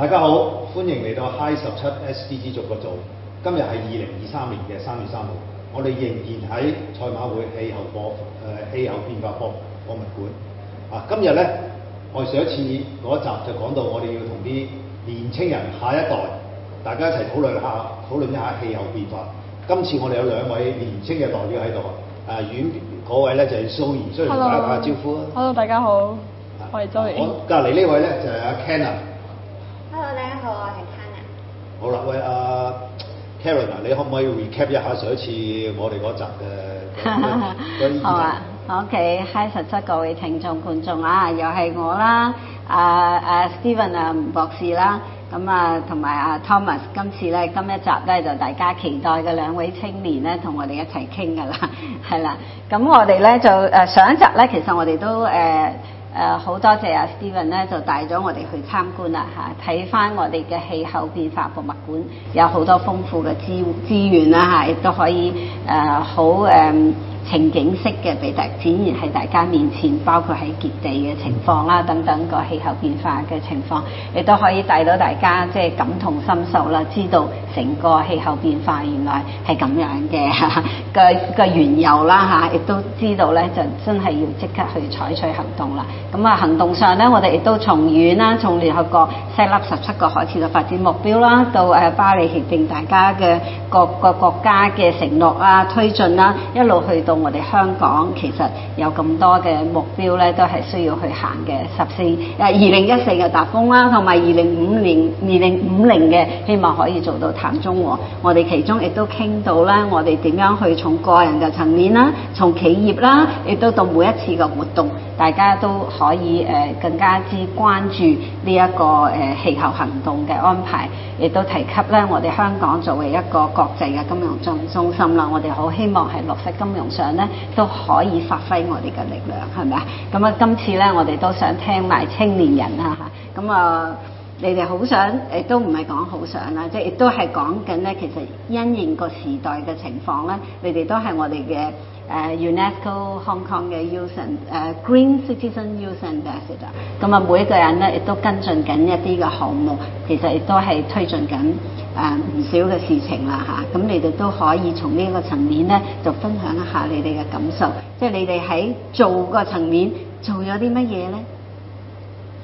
大家好，歡迎嚟到 High 十七 SDG 逐個組。今日係二零二三年嘅三月三號，我哋仍然喺賽馬會氣候博誒氣、呃、候變化博博物館。啊，今日咧，我哋上一次嗰集就講到我哋要同啲年青人下一代大家一齊討論下討論一下氣候變化。今次我哋有兩位年青嘅代表喺度啊。啊、呃，遠嗰位咧就係蘇怡，蘇怡打下招呼啊。Hello，大家好，啊、我係蘇怡。我隔離呢位咧就係阿 Kenna。好啦，喂啊 Carina，你可唔可以 recap 一下上一次我哋嗰集嘅？ 好啊，OK，Hi，實七各位聽眾觀眾，uh, 啊，又係我啦，啊啊 Stephen 啊吳博士啦，咁啊同埋啊 Thomas，今次咧今一集咧就大家期待嘅兩位青年咧同我哋一齊傾噶啦，係、嗯、啦，咁我哋咧就誒上一集咧其實我哋都誒。呃誒，好、uh, 多謝阿 Steven 咧，就帶咗我哋去參觀啦吓，睇翻我哋嘅氣候變化博物館，有好多豐富嘅資資源啦吓，亦、uh, 都可以誒，uh, 好誒。Um 情景式嘅俾大展現喺大家面前，包括喺極地嘅情況啦，等等個氣候變化嘅情況，亦都可以帶到大家即係感同身受啦，知道成個氣候變化原來係咁樣嘅個個緣由啦吓，亦、啊、都知道咧就真係要即刻去採取行動啦。咁、嗯、啊行動上咧，我哋亦都從遠啦，從聯合國《西粒十七個海綺嘅發展目標啦，到誒巴黎協定大家嘅各個國家嘅承諾啊、推進啦，一路去到到我哋香港，其實有咁多嘅目標咧，都係需要去行嘅。十四誒二零一四嘅達峰啦，同埋二零五年、二零五零嘅，希望可以做到碳中和。我哋其中亦都傾到啦，我哋點樣去從個人嘅層面啦，從企業啦，亦都到每一次嘅活動。大家都可以誒更加之關注呢一個誒氣候行動嘅安排，亦都提及咧，我哋香港作為一個國際嘅金融中中心啦，我哋好希望喺綠色金融上咧都可以發揮我哋嘅力量，係咪啊？咁啊，今次咧，我哋都想聽埋青年人啊嚇，咁啊。你哋好想誒，都唔係講好想啦，即係亦都係講緊咧。其實因應個時代嘅情況咧，你哋都係我哋嘅誒 UNESCO Hong Kong 嘅 Youth 誒 Green Citizen Youth Ambassador。咁啊，每一個人咧亦都跟進緊一啲嘅項目，其實亦都係推進緊誒唔少嘅事情啦嚇。咁你哋都可以從呢個層面咧，就分享一下你哋嘅感受。即係你哋喺做個層面做咗啲乜嘢咧？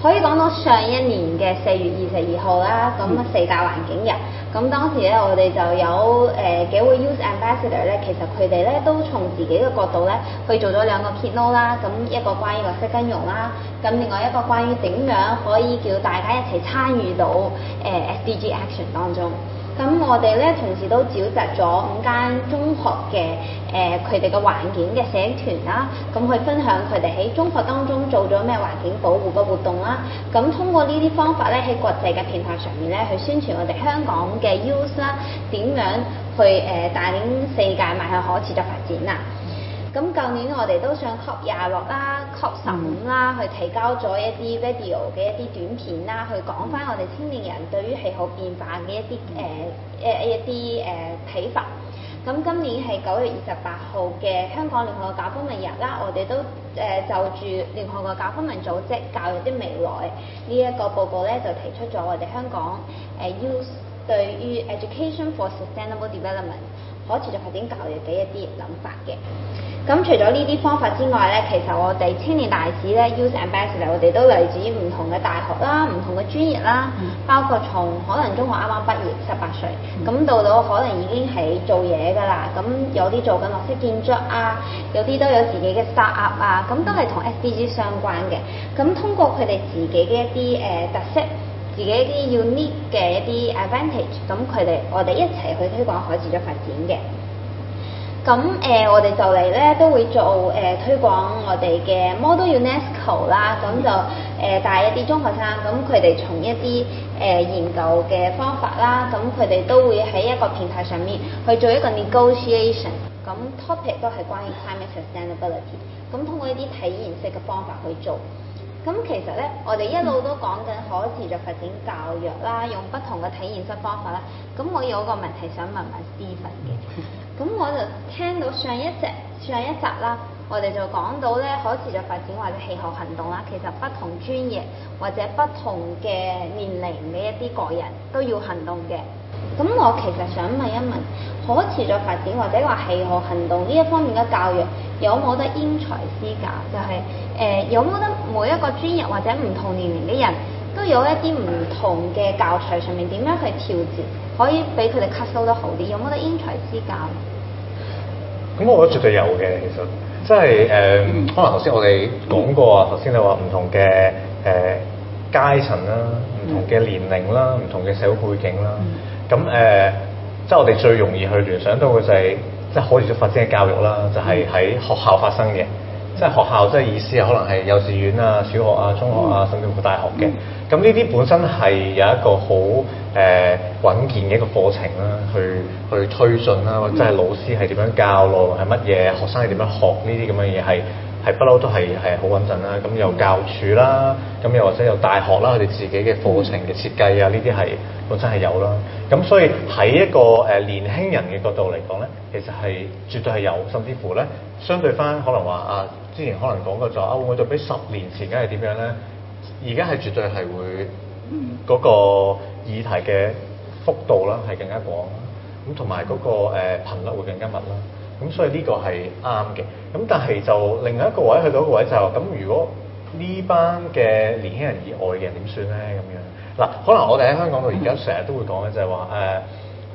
可以講到上一年嘅四月二十二號啦，咁四大環境日，咁當時咧我哋就有誒、呃、幾位 use ambassador 咧，其實佢哋咧都從自己嘅角度咧去做咗兩個 keynote 啦，咁一個關於綠色金融啦，咁另外一個關於點樣可以叫大家一齊參與到誒、呃、SDG action 當中。咁我哋咧同時都召集咗五間中學嘅誒佢哋嘅環境嘅社團啦，咁、啊、去分享佢哋喺中學當中做咗咩環境保護嘅活動啦。咁、啊啊、通過呢啲方法咧喺國際嘅平台上面咧去宣傳我哋香港嘅優勢啦，點樣去誒、呃、帶領世界邁向可持續發展啊。咁舊年我哋都想 COP 廿六啦、COP 十五啦，去提交咗一啲 video 嘅一啲短片啦，嗯、去講翻我哋青年人對於氣候變化嘅一啲誒誒一啲誒睇法。咁今年係九月二十八號嘅香港聯合國教科文日啦，我哋都誒、呃、就住聯合國教科文組織《教育的未來》呢、這、一個報告咧，就提出咗我哋香港誒、呃、use 對於 education for sustainable development。可持續發展教育嘅一啲諗法嘅，咁除咗呢啲方法之外咧，其實我哋青年大使咧，Use Ambassador，我哋都嚟自於唔同嘅大學啦，唔同嘅專業啦，嗯、包括從可能中學啱啱畢業十八歲，咁、嗯、到到可能已經喺做嘢噶啦，咁有啲做緊綠色建築啊，有啲都有自己嘅 start up 啊，咁都係同 SDG 相關嘅，咁通過佢哋自己嘅一啲誒、呃、特色。自己一啲 unique 嘅一啲 advantage，咁佢哋我哋一齊去推廣海自咗發展嘅。咁誒、呃，我哋就嚟咧都會做誒、呃、推廣我哋嘅 Model UNESCO 啦，咁就誒帶、呃、一啲中學生，咁佢哋從一啲誒、呃、研究嘅方法啦，咁佢哋都會喺一個平台上面去做一個 negotiation，咁 topic 都係關於 climate sustainability 咁通過一啲體驗式嘅方法去做。咁其實咧，我哋一路都講緊可持續發展教育啦，用不同嘅體驗式方法啦。咁我有個問題想問問 Stephen 嘅。咁我就聽到上一隻上一集啦，我哋就講到咧可持續發展或者氣候行動啦。其實不同專業或者不同嘅年齡嘅一啲個人都要行動嘅。咁我其實想問一問。可持續發展或者話氣候行動呢一方面嘅教育有冇得因材施教？就係、是、誒、呃、有冇得每一個專業或者唔同年齡嘅人都有一啲唔同嘅教材上面點樣去調節，可以俾佢哋吸收得好啲？有冇得因材施教？咁、嗯、我覺得絕對有嘅，其實即係誒，呃嗯、可能頭先我哋講過啊，頭先、嗯、你話唔同嘅誒、呃、階層啦，唔、嗯、同嘅年齡啦，唔、嗯、同嘅社會背景啦，咁誒。即係我哋最容易去聯想到嘅、就是，就係，即係可持續發展嘅教育啦，就係喺學校發生嘅。即係學校，即係意思啊，可能係幼稚園啊、小學啊、中學啊，甚至乎大學嘅。咁呢啲本身係有一個好誒、呃、穩健嘅一個課程啦，去去推進啦，即係老師係點樣教咯，係乜嘢學生係點樣學呢啲咁嘅嘢，係係不嬲都係係好穩陣啦。咁又教處啦，咁又或者有大學啦，佢哋自己嘅課程嘅設計啊，呢啲係本身係有啦。咁所以喺一個誒年輕人嘅角度嚟講咧，其實係絕對係有，甚至乎咧，相對翻可能話啊，之前可能講講過就，我會唔會對比十年前梗係點樣咧？而家係絕對係會嗰個議題嘅幅度啦，係更加廣啦。咁同埋個誒頻率會更加密啦。咁所以呢個係啱嘅。咁但係就另一個位去到個位就係咁，如果呢班嘅年輕人以外嘅人點算咧？咁樣。嗱，可能我哋喺香港度而家成日都會講咧，就係話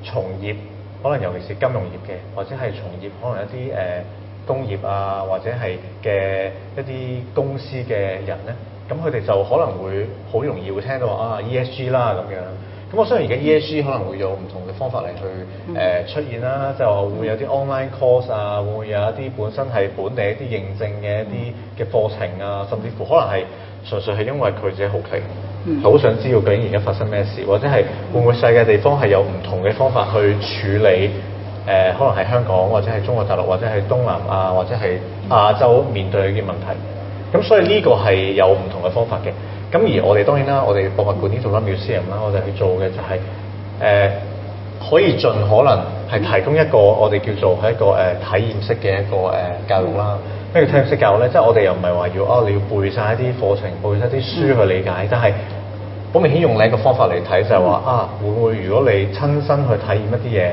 誒從業，可能尤其是金融業嘅，或者係從業可能一啲誒、呃、工業啊，或者係嘅一啲公司嘅人咧，咁佢哋就可能會好容易會聽到話啊 ESG 啦咁樣，咁我相信而家 ESG 可能會有唔同嘅方法嚟去誒、嗯呃、出現啦、啊，就係話會有啲 online course 啊，會有一啲本身係本地一啲認證嘅一啲嘅課程啊，甚至乎可能係純粹係因為佢自己好奇。好想知道究竟而家發生咩事，或者係會唔會世界地方係有唔同嘅方法去處理？誒、呃、可能係香港，或者係中國大陸，或者係東南亞，或者係亞洲面對嘅問題，咁所以呢個係有唔同嘅方法嘅。咁而我哋當然啦，我哋博物館呢個 Museum 啦，我哋去做嘅就係、是、誒、呃、可以盡可能係提供一個我哋叫做係一個誒體驗式嘅一個誒教育啦。咩叫體驗式教育咧？即、就、係、是、我哋又唔係話要啊、哦，你要背晒一啲課程，背晒啲書去理解，但係好明顯用另一個方法嚟睇就係、是、話啊，會唔會如果你親身去體驗一啲嘢，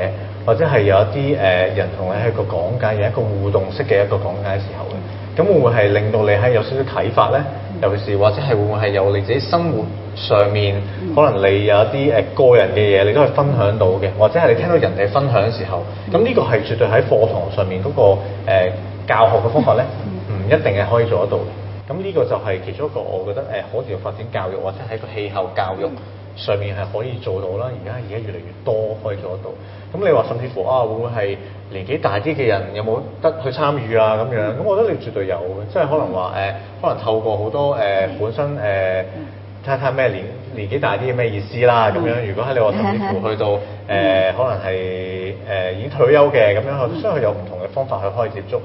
或者係有一啲誒、呃、人同你喺個講解，有一個互動式嘅一個講解時候咧，咁會唔會係令到你喺有少少啟發咧？尤其是或者係會唔會係由你自己生活上面，可能你有一啲誒、呃、個人嘅嘢，你都可以分享到嘅，或者係你聽到人哋分享嘅時候，咁呢個係絕對喺課堂上面嗰、那個、呃教學嘅方法咧，唔一定係可以做得到。咁呢個就係其中一個，我覺得誒、呃、可持續發展教育或者喺個氣候教育上面係可以做到啦。而家而家越嚟越多可以做得到。咁你話甚至乎啊，會唔會係年紀大啲嘅人有冇得去參與啊？咁樣咁，我覺得你絕對有嘅。即係可能話誒、呃，可能透過好多誒、呃、本身誒，睇睇咩年年紀大啲咩意思啦咁樣。如果係你話甚至乎去到誒、呃，可能係誒、呃、已退休嘅咁樣，我覺得有唔同嘅方法去開接觸。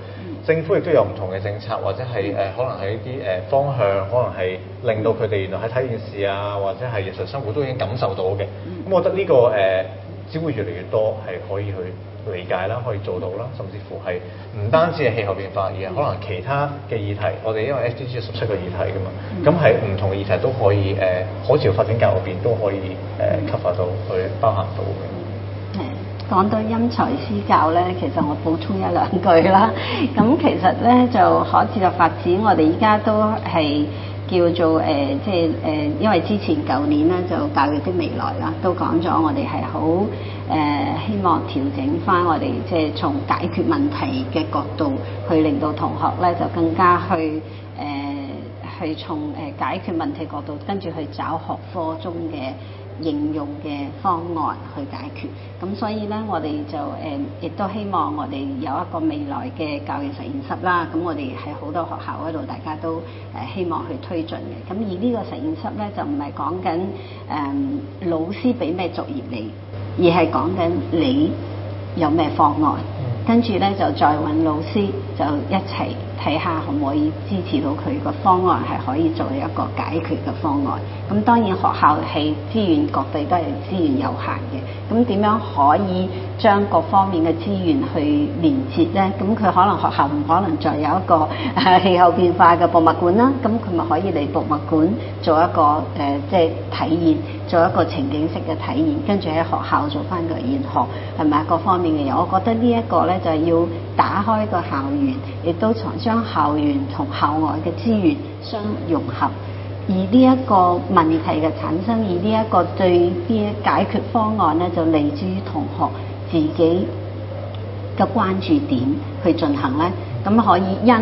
政府亦都有唔同嘅政策，或者係誒、呃、可能係一啲誒、呃、方向，可能係令到佢哋原來喺睇電視啊，或者係日常生活都已經感受到嘅。咁、嗯、我覺得呢、這個誒、呃、只會越嚟越多係可以去理解啦，可以做到啦，甚至乎係唔單止係氣候變化，而係可能其他嘅議題。我哋因為 SDG 十七個議題噶嘛，咁喺唔同嘅議題都可以誒海潮發展教育入邊都可以誒 cover 到去包含到嘅。講到因材施教呢，其實我補充一兩句啦。咁其實呢，就可持續發展，我哋依家都係叫做誒，即係誒，因為之前舊年咧就教育的未來啦，都講咗我哋係好誒，希望調整返我哋即係從解決問題嘅角度，去令到同學呢，就更加去誒，係從誒解決問題角度跟住去找學科中嘅。應用嘅方案去解決，咁所以呢，我哋就誒，亦、呃、都希望我哋有一個未來嘅教育實驗室啦。咁我哋喺好多學校嗰度，大家都誒、呃、希望去推進嘅。咁、呃、而呢個實驗室呢，就唔係講緊誒老師俾咩作業你，而係講緊你有咩方案。跟住咧就再揾老師，就一齊睇下可唔可以支持到佢個方案，係可以做一個解決嘅方案。咁當然學校係資源各地都係資源有限嘅，咁點樣可以將各方面嘅資源去連接呢？咁佢可能學校唔可能再有一個啊、氣候變化嘅博物館啦，咁佢咪可以嚟博物館做一個誒、呃，即係體驗。做一個情景式嘅體驗，跟住喺學校做翻個研學，係咪？各方面嘅嘢，我覺得呢一個咧就係要打開個校園，亦都想將校園同校外嘅資源相融合。而呢一個問題嘅產生，而呢一個對啲解決方案咧，就嚟自於同學自己嘅關注點去進行咧，咁可以因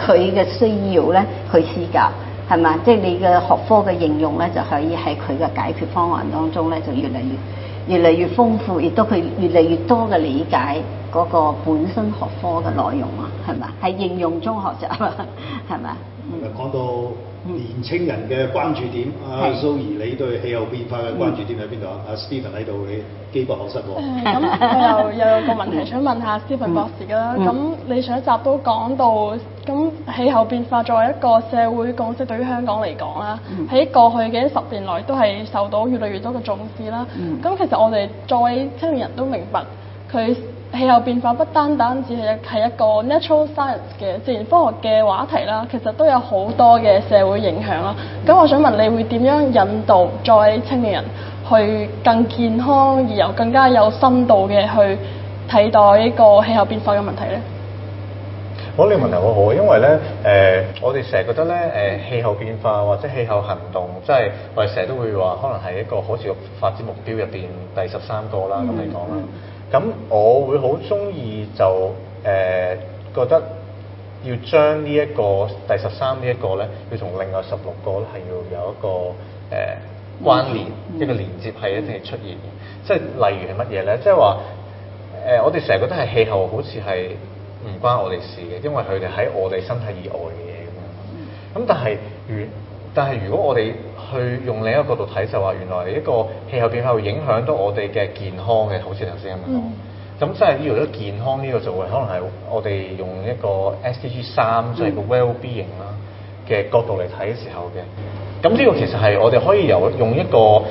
佢嘅需要咧去施教。係嘛？即係你嘅學科嘅應用咧，就可以喺佢嘅解決方案當中咧，就越嚟越、越嚟越豐富，亦都佢越嚟越多嘅理解嗰個本身學科嘅內容啊？係咪？係應用中學習，係咪？誒、嗯，講到年青人嘅關注點，阿 Sue，你對氣候變化嘅關注點喺邊度啊？阿 Stephen 喺度，你機不可失喎。咁又又有個問題想問下、Stephen、Stephen 博士㗎啦。咁、嗯、你上一集都講到。咁氣候變化作為一個社會共識，對於香港嚟講啦，喺、嗯、過去嘅十年來都係受到越來越多嘅重視啦。咁、嗯、其實我哋作為青年人都明白，佢氣候變化不單單只係係一個 natural science 嘅自然科學嘅話題啦，其實都有好多嘅社會影響啦。咁、嗯、我想問，你會點樣引導在青年人去更健康而又更加有深度嘅去睇待呢個氣候變化嘅問題咧？好，你個問題好好，因為咧，誒、呃，我哋成日覺得咧，誒、呃，氣候變化或者氣候行動，即係我哋成日都會話，可能係一個可持續發展目標入邊第十三個啦。咁你講啦，咁、嗯、我會好中意就誒、呃、覺得要將呢一個第十三呢一個咧，要同另外十六個咧係要有一個誒、呃、關聯，嗯、一個連接係一定係出現嘅、嗯嗯。即係例如係乜嘢咧？即係話誒，我哋成日覺得係氣候好似係。唔關我哋事嘅，因為佢哋喺我哋身體以外嘅嘢咁樣。咁、嗯、但係，如但係如果我哋去用另一個角度睇，就話原來一個氣候變化會影響到我哋嘅健康嘅，好似頭先咁講。咁即係呢度都健康呢個就會可能係我哋用一個 SDG 三即係個 Well Being 啦嘅角度嚟睇嘅時候嘅。咁呢個其實係我哋可以由用一個。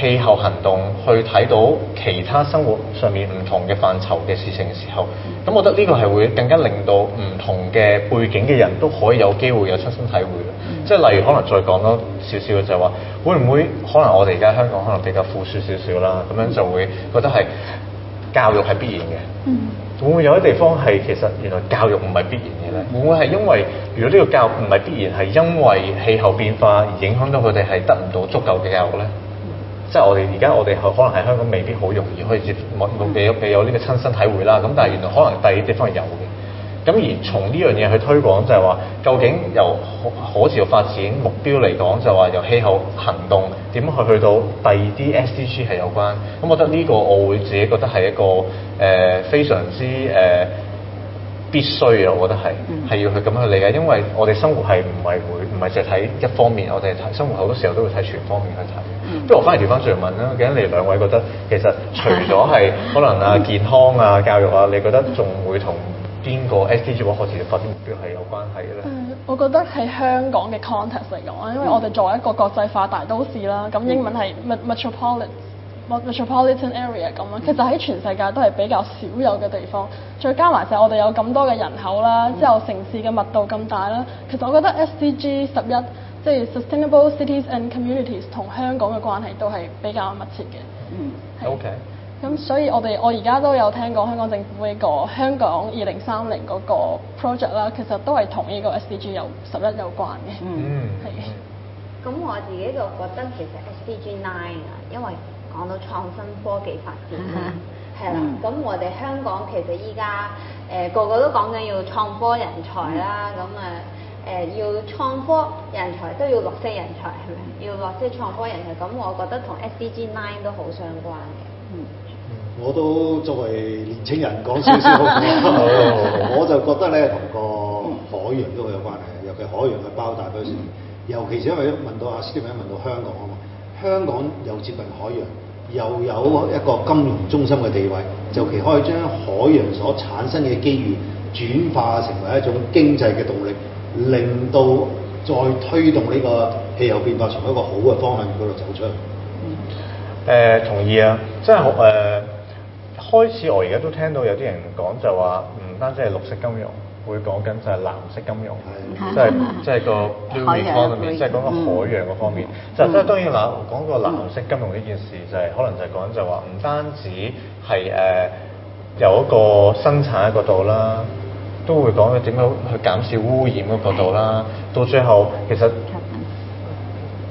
氣候行動去睇到其他生活上面唔同嘅範疇嘅事情嘅時候，咁我覺得呢個係會更加令到唔同嘅背景嘅人都可以有機會有親身體會啦。即係、嗯、例如可能再講多少少嘅就係話，會唔會可能我哋而家香港可能比較富庶少少啦，咁樣就會覺得係教育係必然嘅。嗯、會唔會有啲地方係其實原來教育唔係必然嘅咧？會唔會係因為如果呢個教育唔係必然係因為氣候變化而影響到佢哋係得唔到足夠嘅教育咧？即係我哋而家，我哋可能喺香港未必好容易可以接望有有呢個親身體會啦。咁但係原來可能第二地方係有嘅。咁而從呢樣嘢去推廣就係話究竟由可可持續發展目標嚟講就話由氣候行動點樣去去到第二啲 SDG 係有關，咁、嗯、我覺得呢個我會自己覺得係一個誒、呃、非常之誒、呃、必須嘅，我覺得係係要去咁樣去理解，因為我哋生活係唔係會。唔就係睇一方面，我哋生活好多時候都會睇全方面去睇。嗯、不如我翻嚟調翻上問啦，咁你兩位覺得其實除咗係可能啊健康啊 教育啊，你覺得仲會同邊個 S T G 學學嘅發展目標係有關係咧、嗯？我覺得喺香港嘅 context 嚟講啊，因為我哋作為一個國際化大都市啦，咁英文係 metropolitan。嗯 metropolitan area 咁樣，其實喺全世界都係比較少有嘅地方，再加埋就係我哋有咁多嘅人口啦，之後城市嘅密度咁大啦，其實我覺得 11, SDG 十一即係 sustainable cities and communities 同香港嘅關係都係比較密切嘅。嗯、mm. 是。O K。咁所以我哋我而家都有聽過香港政府呢個香港二零三零嗰個 project 啦，其實都係同呢個 SDG 有十一有關嘅。嗯、mm. 是。係。咁我自己就覺得其實 SDG nine 啊，因為講到創新科技發展，係啦，咁我哋香港其實依家誒個個都講緊要創科人才啦，咁啊誒要創科人才都要綠色人才係咪？嗯、要綠色創科人才，咁我覺得同 SDG Nine 都好相關嘅。嗯，我都作為年青人講少少， 我就覺得咧同個海洋都係有關係，尤其海洋嘅包大都市，嗯、尤其是因為問到阿 Stephen 問到香港啊嘛。香港又接近海洋，又有一個金融中心嘅地位，尤其可以將海洋所產生嘅機遇轉化成為一種經濟嘅動力，令到再推動呢個氣候變化從一個好嘅方向嗰度走出嚟。呃，同意啊！即係誒、呃、開始，我而家都聽到有啲人講就話唔單止係綠色金融。會講緊就係藍色金融，即係即係個 blue 方面，嗯、即係講緊海洋嗰方面。就即係當然嗱，講個藍色金融呢件事，嗯、就係可能就係講緊就話唔單止係誒有一個生產嘅角度啦，都會講佢點樣去減少污染嘅角度啦。嗯、到最後其實、嗯、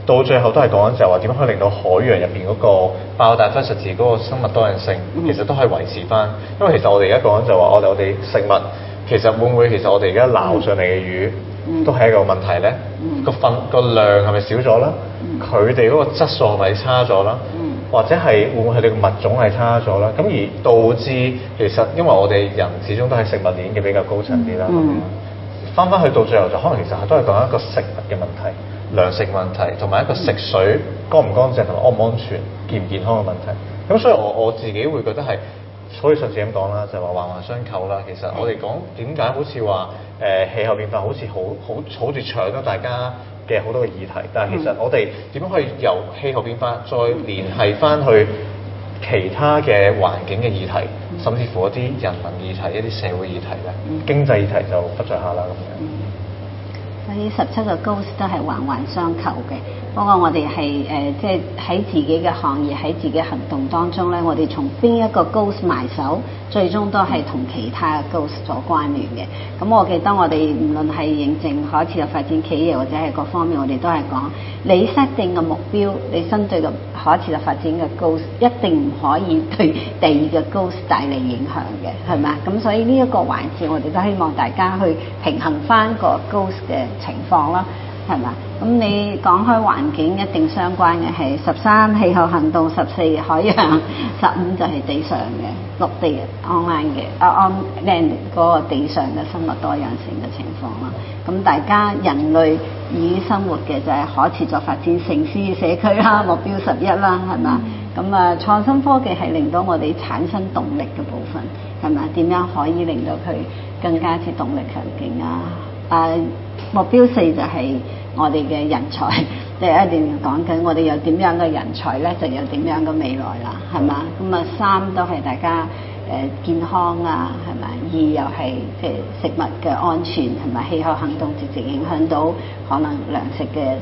到最後都係講緊就話點樣可以令到海洋入邊嗰個爆炸出實字嗰個生物多樣性、嗯嗯、其實都可以維持翻。因為其實我哋而家講緊就話我哋我哋食物。其實會唔會其實我哋而家撈上嚟嘅魚都係一個問題呢？個份個量係咪少咗啦？佢哋嗰個質素係咪差咗啦？嗯、或者係會唔會佢哋個物種係差咗啦？咁而導致其實因為我哋人始終都係食物鏈嘅比較高層啲啦，返返去到最後就可能其實都係講一個食物嘅問題、糧食問題同埋一個食水乾唔乾淨同埋安唔安全、健唔健康嘅問題。咁所以我我自己會覺得係。所以上次咁講啦，就話環環相扣啦。其實我哋講點解好似話誒氣候變化好似好好好似搶咗大家嘅好多嘅議題，但係其實我哋點樣可以由氣候變化再聯繫返去其他嘅環境嘅議題，甚至乎一啲人民議題、一啲社會議題咧，經濟議題就不在下啦咁樣。所以十七個 goals 都係環環相扣嘅。不過我哋係誒，即係喺自己嘅行業喺自己行動當中咧，我哋從邊一個 goal 埋手，最終都係同其他嘅 goals 所關聯嘅。咁我記得我哋唔論係認證可持續發展企業或者係各方面，我哋都係講你設定嘅目標，你針對嘅可持續發展嘅 goals 一定唔可以對第二個 goals 帶嚟影響嘅，係嘛？咁所以呢一個環節，我哋都希望大家去平衡翻個 goals 嘅情況啦。係嘛？咁你講開環境一定相關嘅係十三氣候行動，十四海洋，十五就係地上嘅陸地 online 嘅啊，on land 嗰個地上嘅生物多樣性嘅情況啦。咁大家人類以生活嘅就係可持續發展城市社區啦，目標十一啦，係嘛？咁啊，創新科技係令到我哋產生動力嘅部分，係咪？點樣可以令到佢更加之動力強勁啊？誒、啊、目標四就係我哋嘅人才，即係一定要講緊我哋有點樣嘅人才咧，就有點樣嘅未來啦，係嘛？咁啊三都係大家誒、呃、健康啊，係咪？二又係即係食物嘅安全同埋氣候行動直接影響到可能糧食嘅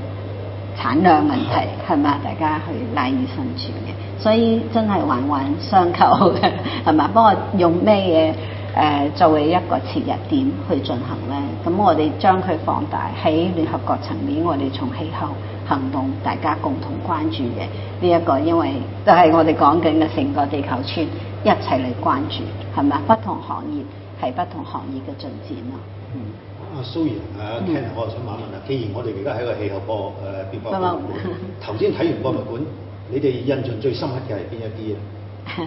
產量問題，係嘛？大家去賴以生存嘅，所以真係環環相扣嘅，係嘛？不過我用咩嘢？誒作為一個切入點去進行咧，咁、嗯、我哋將佢放大喺聯合國層面，我哋從氣候行動，大家共同關注嘅呢一個，因為就係我哋講緊嘅成個地球村一齊嚟關注，係咪啊？不同行業係不同行業嘅進展咯。嗯。阿、嗯、蘇怡啊 Ken，我想問一問啊，既然我哋而家喺個氣候波誒邊方，頭先睇完博物館，你哋印象最深刻嘅係邊一啲啊？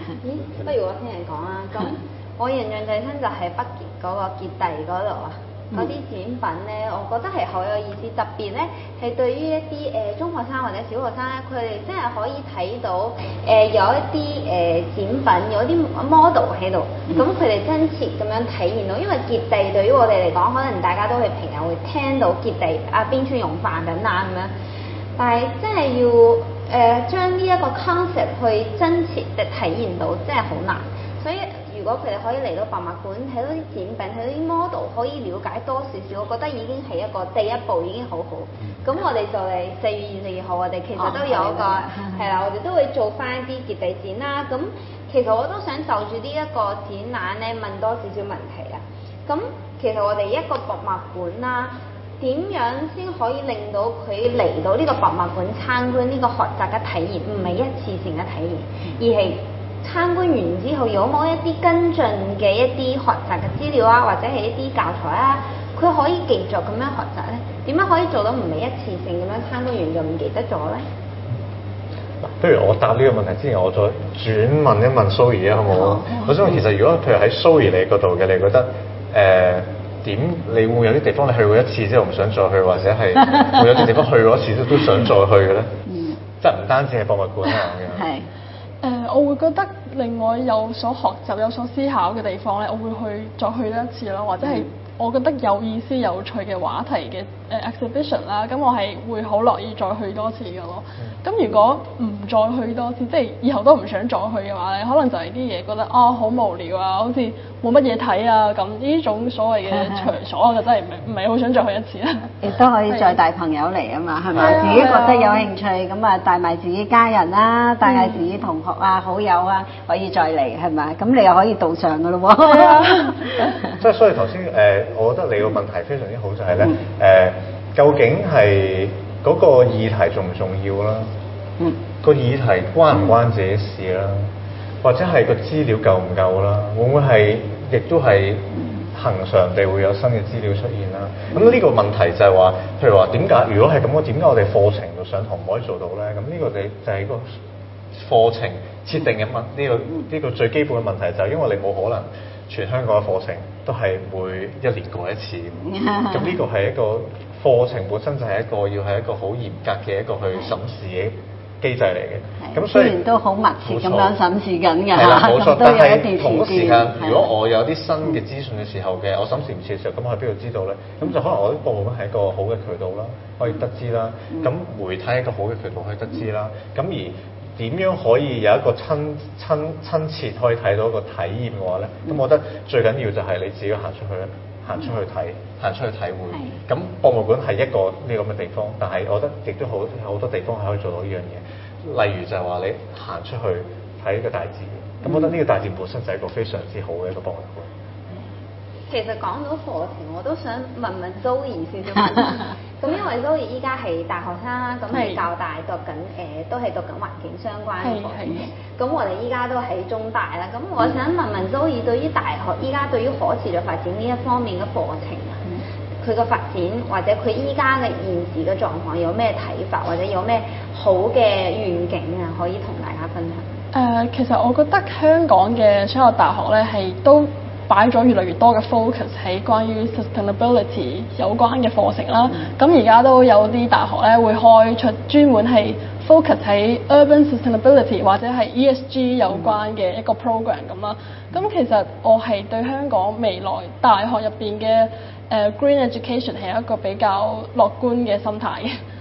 不如我聽人講啊，咁。 我印象最深就係北極嗰個極地嗰度啊，嗰啲、嗯、展品咧，我覺得係好有意思。特別咧，係對於一啲誒、呃、中學生或者小學生咧，佢哋真係可以睇到誒、呃、有一啲誒、呃、展品，有啲 model 喺度，咁佢哋真切咁樣體驗到。因為極地對於我哋嚟講，可能大家都係平日會聽到極地啊冰川融化緊啦咁樣，但係真係要誒、呃、將呢一個 concept 去真切地體驗到，真係好難。所以如果佢哋可以嚟到博物館睇到啲展品，睇到啲 model，可以了解多少少，我覺得已經係一個第一步，已經好好。咁我哋就係四月二十二號，我哋其實都有一個係啦、哦的，我哋都會做翻啲結地展啦。咁其實我都想就住呢一個展覽咧問多少少問題啊。咁其實我哋一個博物館啦，點樣先可以令到佢嚟到呢個博物館參觀呢個學習嘅體驗，唔係一次性嘅體驗，而係。參觀完之後有冇一啲跟進嘅一啲學習嘅資料啊，或者係一啲教材啊，佢可以繼續咁樣學習咧？點樣可以做到唔係一次性咁樣參觀完就唔記得咗咧？嗱、啊，不如我答呢個問題之前，我再轉問一問蘇 y 啊，好唔好？好，我想問其實如果譬如喺 s o 蘇 y 你嗰度嘅，你覺得誒點、呃？你會有啲地方你去過一次之後唔想再去，或者係有啲地方去過一次都都想再去嘅咧？ 即係唔單止係博物館啊，係。 誒、呃，我會覺得另外有所學習、有所思考嘅地方咧，我會去再去多一次咯，或者係我覺得有意思、有趣嘅話題嘅。誒 exhibition 啦，咁我係會好樂意再去多次嘅咯。咁如果唔再去多次，即係以後都唔想再去嘅話咧，可能就係啲嘢覺得哦，好無聊啊，好似冇乜嘢睇啊咁，呢種所謂嘅場所我就真係唔唔係好想再去一次啦。亦都可以再帶朋友嚟啊嘛，係咪？自己覺得有興趣咁啊，帶埋自己家人啦，帶埋自己同學啊、好友啊，可以再嚟係咪啊？咁你又可以度長嘅咯喎。即係所以頭先誒，我覺得你個問題非常之好就係咧誒。究竟係嗰個議題重唔重要啦？個、嗯、議題關唔關自己事啦？或者係個資料夠唔夠啦？會唔會係亦都係恒常地會有新嘅資料出現啦？咁呢個問題就係話，譬如話點解如果係咁我點解我哋課程就上堂唔可以做到咧？咁呢個就就係個。課程設定嘅問呢、這個呢、這個最基本嘅問題就係、是、因為你冇可能全香港嘅課程都係每一年過一次，咁呢 個係一個課程本身就係一個要係一個好嚴格嘅一個去審視嘅機制嚟嘅。咁 所雖然都好密切咁錯樣審視緊㗎。係啦錯，但係同一時間，吧如果我有啲新嘅資訊嘅時候嘅，我審視唔切嘅時候，咁我喺邊度知道咧？咁就可能我啲報道係一個好嘅渠道啦，可以得知啦。咁媒體一個好嘅渠道可以得知啦。咁 而點樣可以有一個親親親切可以睇到一個體驗嘅話咧？咁我覺得最緊要就係你自己行出去咧，行出去睇，行出去體會。咁的博物館係一個呢個咁嘅地方，但係我覺得亦都好好多地方係可以做到呢樣嘢。例如就係話你行出去睇一個大自然，咁我覺得呢個大自然本身就係一個非常之好嘅一個博物館。其實講到課程，我都想問問周怡少少問題。咁 因為周怡依家係大學生啦，咁係 教大讀緊，誒、呃、都係讀緊環境相關嘅課程。咁 我哋依家都喺中大啦。咁我想問問周怡，對於大學依家對於可持續發展呢一方面嘅課程，佢嘅 發展或者佢依家嘅現時嘅狀況有咩睇法，或者有咩好嘅願景啊，可以同大家分享？誒、呃，其實我覺得香港嘅所有大學咧係都擺咗越嚟越多嘅 focus 喺關於 sustainability 有關嘅課程啦，咁而家都有啲大學咧會開出專門係 focus 喺 urban sustainability 或者係 ESG 有關嘅一個 program 咁啦，咁、嗯、其實我係對香港未來大學入邊嘅誒 green education 係一個比較樂觀嘅心態。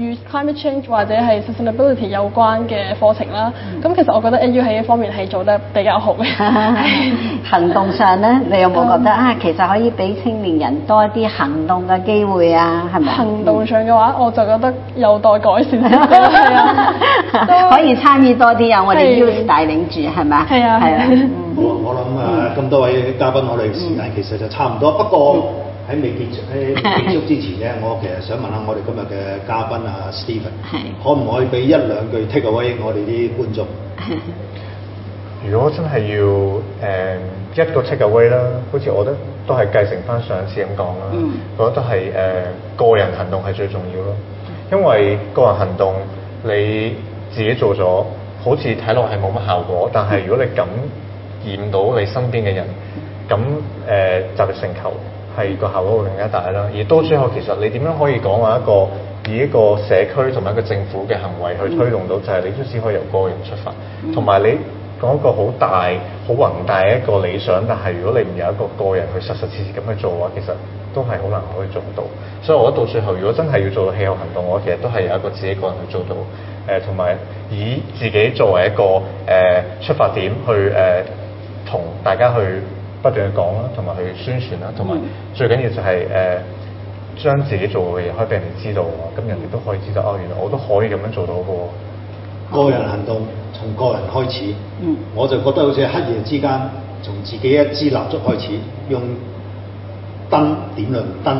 與 climate change 或者係 sustainability 有關嘅課程啦，咁、mm hmm. 其實我覺得 A U 喺呢方面係做得比較好嘅。ス 行動上咧，你有冇覺得啊？其實可以俾青年人多一啲行動嘅機會啊，係咪？行動上嘅話，我就覺得有待改善啦 。可以參與多啲，有我哋 U 帶領住，係咪？係啊，係啊。好啊！我諗啊，咁多位嘉賓我哋時間其實就差唔多， 不過。 喺未結束，喺結束之前咧，我其實想問下我哋今日嘅嘉賓啊，Stephen，是可唔可以俾一兩句 take away 我哋啲觀眾？ 如果真係要誒一個 take away 啦，好似我覺得都係繼承翻上次咁講啦，我覺得係誒、嗯、個人行動係最重要咯，因為個人行動你自己做咗，好似睇落係冇乜效果，但係如果你感染到你身邊嘅人，咁誒集力成球。係個效果會更加大啦，而到最後，其實你點樣可以講話一個以一個社區同埋一個政府嘅行為去推動到，就係、是、你首先可以由個人出發，同埋你講一個好大好宏大一個理想，但係如果你唔有一個個人去實實切切咁去做嘅話，其實都係好難可以做到。所以我覺得，到最後，如果真係要做到氣候行動，我其實都係有一個自己個人去做到，誒同埋以自己作為一個誒、呃、出發點去誒同、呃、大家去。呃不斷去講啦，同埋去宣傳啦，同埋最緊要就係誒，將自己做嘅嘢可以俾人哋知道喎，咁人哋都可以知道哦，原來我都可以咁樣做到嘅喎。好個人行動從個人開始。嗯、我就覺得好似黑夜之間，從自己一支蠟燭開始，用燈點亮燈，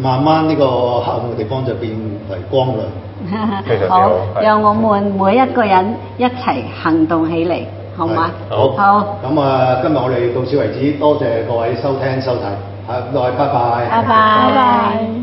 慢慢呢個黑暗嘅地方就變為光亮。 好，讓好、嗯、我們每一個人一齊行動起嚟。好嘛，好，好。咁啊，今日我哋到此為止，多謝各位收聽收睇，好，各位拜拜。拜拜，拜拜。